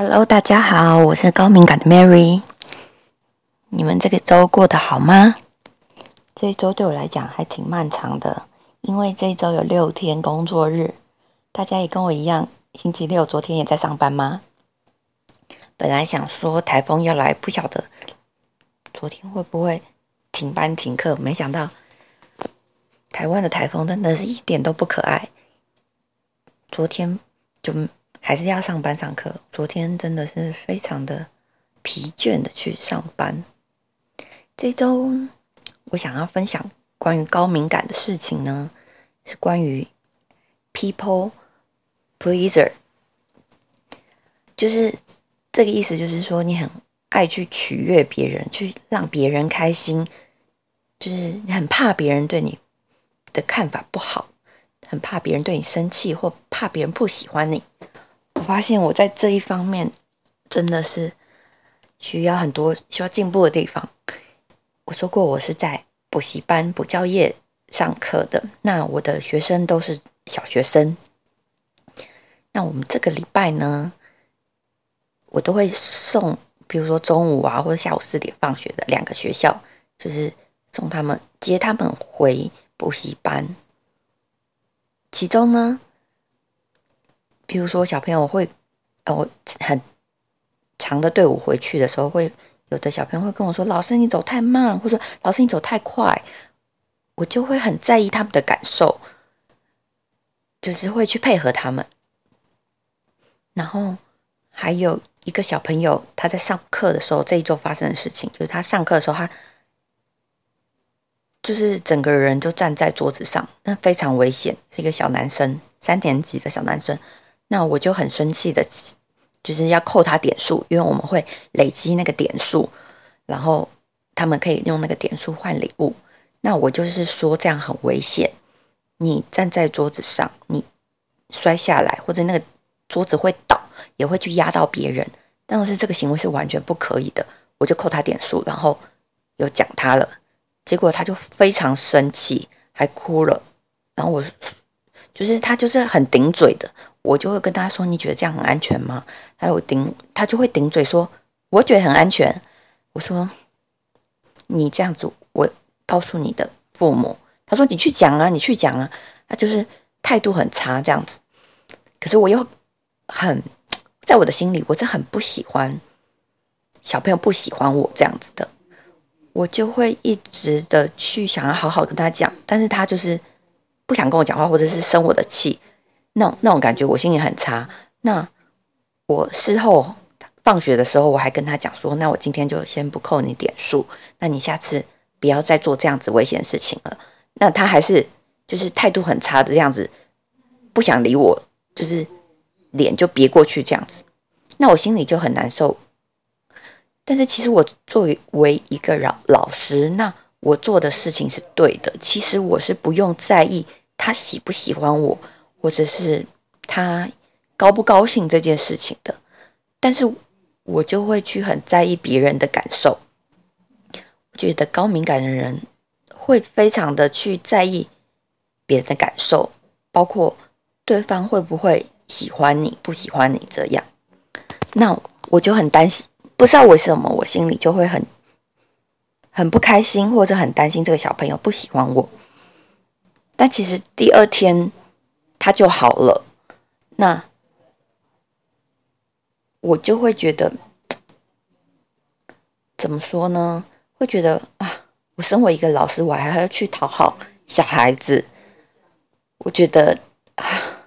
Hello，大家好，我是高敏感的 Mary。你們這個週過得好嗎？這一周對我來講還挺漫長的，因為這一周有六天工作日。大家也跟我一樣，星期六昨天也在上班嗎？本來想說台風要來，不曉得昨天會不會停班停課，沒想到台灣的台風真的是一點都不可愛。昨天就還是要上班上課，昨天真的是非常的疲倦的去上班。這周我想要分享關於高敏感的事情呢，是關於 people pleaser，就是這個意思，就是說你很愛去取悅別人，去讓別人開心，就是你很怕別人對你的看法不好，很怕別人對你生氣，或怕別人不喜歡你。我發現我在這一方面真的是需要很多需要進步的地方。我說過，我是在補習班補教業上課的，那我的學生都是小學生。那我們這個禮拜呢，我都會送，比如說中午啊，或者下午四點放學的兩個學校，就是送他們接他們回補習班，其中呢。比如說，小朋友會，呃，我很長的隊伍回去的時候會，會有的小朋友會跟我說：“老師，你走太慢。”或者：“老師，你走太快。”我就會很在意他們的感受，就是會去配合他們。然後還有一個小朋友，他在上課的時候這一周發生的事情，就是他上課的時候，他就是整個人就站在桌子上，那非常危險。是一個小男生，三年級的小男生。那我就很生氣的，就是要扣他點數，因為我們會累積那個點數，然後他們可以用那個點數換禮物。那我就是說這樣很危險，你站在桌子上，你摔下來或者那個桌子會倒，也會去壓到別人。但是這個行為是完全不可以的，我就扣他點數，然後有講他了，結果他就非常生氣，還哭了。然後我。就是他就是很頂嘴的，我就會跟他說：“你覺得這樣很安全嗎？”還有頂，他就會頂嘴說：“我覺得很安全。”我說：“你這樣子，我告訴你的父母。”他說：“你去講啊，你去講啊。”他就是態度很差這樣子。可是我又很在我的心裡，我是很不喜歡小朋友不喜歡我這樣子的，我就會一直的去想要好好跟他講，但是他就是。不想跟我講話，或者是生我的氣，那種那種感覺，我心裡很差。那我事後放學的時候，我還跟他講說：“那我今天就先不扣你點數，那你下次不要再做這樣子危險的事情了。”那他還是就是態度很差的這樣子，不想理我，就是臉就別過去這樣子。那我心裡就很難受。但是其實我作為為一個老老師，那我做的事情是對的。其實我是不用在意。他喜不喜歡我，或者是他高不高興這件事情的，但是我就會去很在意別人的感受。我覺得高敏感的人會非常的去在意別人的感受，包括對方會不會喜歡你、不喜歡你這樣。那我就很擔心，不知道為什麼我心裡就會很很不開心，或者很擔心這個小朋友不喜歡我。但其實第二天他就好了，那我就會覺得，怎麼說呢？會覺得啊，我身為一個老師，我還要去討好小孩子，我覺得，啊，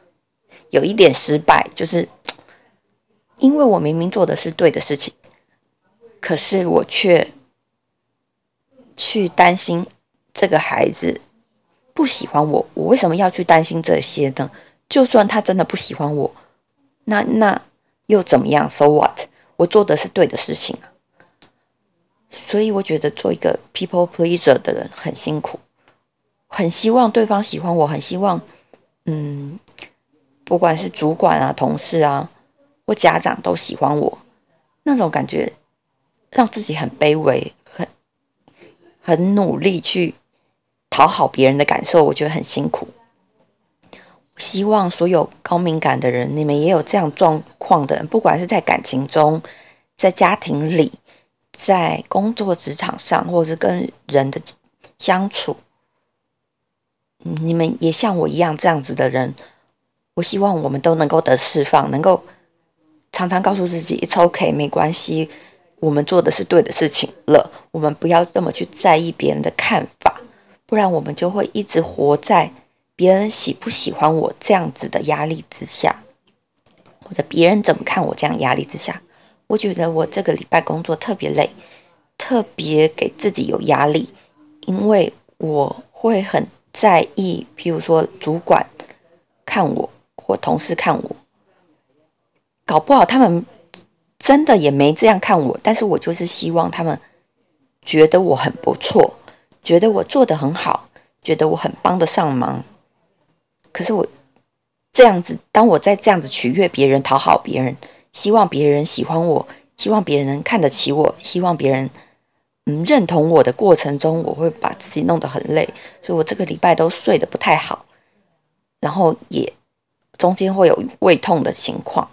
有一點失敗，就是因為我明明做的是對的事情，可是我卻去擔心這個孩子。不喜歡我，我為什麼要去擔心這些呢？就算他真的不喜歡我，那那又怎麼樣？So what？我做的是對的事情。所以我覺得做一個 people pleaser 的人很辛苦，很希望對方喜歡我，很希望，嗯，不管是主管啊、同事啊或家長都喜歡我，那種感覺讓自己很卑微，很很努力去。討好別人的感受，我覺得很辛苦。希望所有高敏感的人，你們也有這樣狀況的，不管是在感情中、在家庭裡、在工作職場上，或者是跟人的相處，你們也像我一樣這樣子的人。我希望我們都能夠得釋放，能夠常常告訴自己：“It's okay, 沒關係，我們做的是對的事情了。”我們不要那麼去在意別人的看法。不然我們就會一直活在別人喜不喜歡我這樣子的壓力之下，或者別人怎麼看我這樣壓力之下。我覺得我這個禮拜工作特別累，特別給自己有壓力，因為我會很在意，譬如說主管看我或同事看我，搞不好他們真的也沒這樣看我，但是我就是希望他們覺得我很不錯。覺得我做得很好，覺得我很幫得上忙。可是我這樣子，當我在這樣子取悅別人、討好別人，希望別人喜歡我，希望別人看得起我，希望別人嗯認同我的過程中，我會把自己弄得很累，所以我這個禮拜都睡得不太好，然後也中間會有胃痛的情況，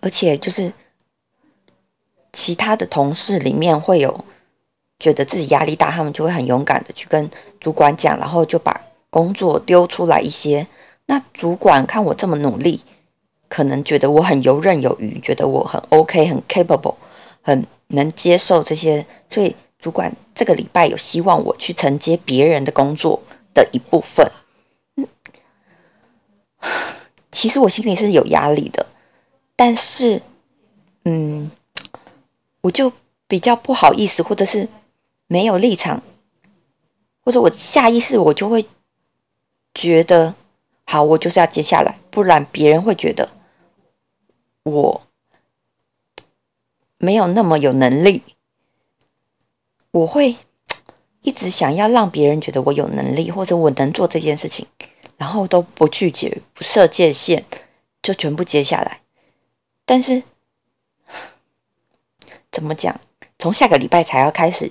而且就是其他的同事裡面會有。覺得自己壓力大，他們就會很勇敢的去跟主管講，然後就把工作丟出來一些。那主管看我這麼努力，可能覺得我很游刃有餘，覺得我很 OK，很 capable，很能接受這些，所以主管這個禮拜又希望我去承接別人的工作的一部分。嗯，其實我心裡是有壓力的，但是，嗯，我就比較不好意思，或者是。沒有立場，或者我下意識我就會覺得，好，我就是要接下來，不然別人會覺得我沒有那麼有能力。我會一直想要讓別人覺得我有能力，或者我能做這件事情，然後都不拒絕、不設界限，就全部接下來。但是怎麼講？從下個禮拜才要開始。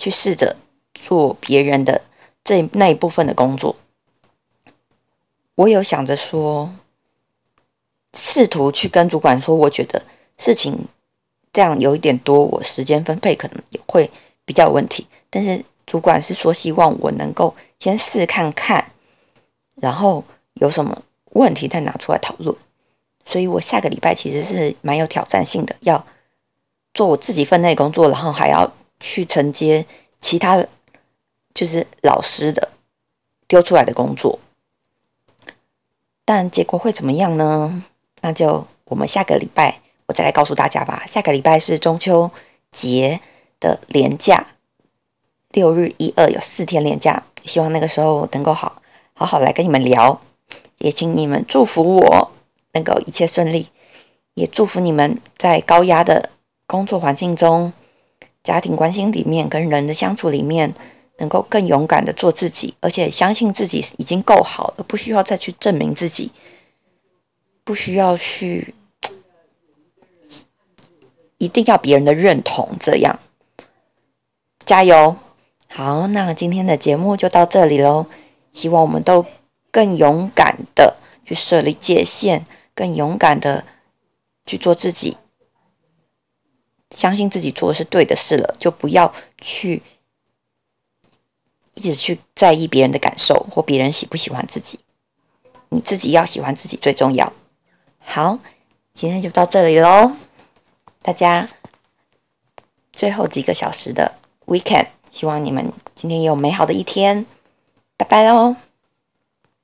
去試着做別人的這那一部分的工作，我有想着說，試圖去跟主管說，我覺得事情這樣有一點多，我時間分配可能也會比較有問題。但是主管是說，希望我能夠先試看看，然後有什麼問題再拿出來討論。所以我下個禮拜其實是蠻有挑戰性的，要做我自己分內工作，然後還要。去承接其他就是老師的丟出來的工作，但結果會怎麼樣呢？那就我們下個禮拜我再來告訴大家吧。下個禮拜是中秋節的連假，六日一二有四天連假，希望那個時候能夠好好好來跟你們聊，也請你們祝福我能夠一切順利，也祝福你們在高壓的工作環境中，家庭關係裡面，跟人的相處裡面，能夠更勇敢的做自己，而且相信自己已經夠好了，不需要再去證明自己，不需要去一定要別人的認同。這樣，加油！好，那今天的節目就到這裡嘍。希望我們都更勇敢的去設立界限，更勇敢的去做自己。相信自己做的是對的事了，就不要去一直去在意別人的感受，或別人喜不喜歡自己。你自己要喜歡自己最重要。好，今天就到這裡嘍，大家最後幾個小時的 weekend，希望你們今天有美好的一天。拜拜嘍！